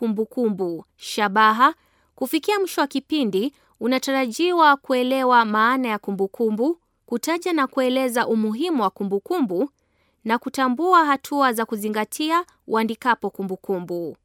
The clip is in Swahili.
kumbukumbu kumbu, shabaha. Kufikia mwisho wa kipindi, unatarajiwa kuelewa maana ya kumbukumbu kumbu, kutaja na kueleza umuhimu wa kumbukumbu kumbu, na kutambua hatua za kuzingatia uandikapo kumbukumbu.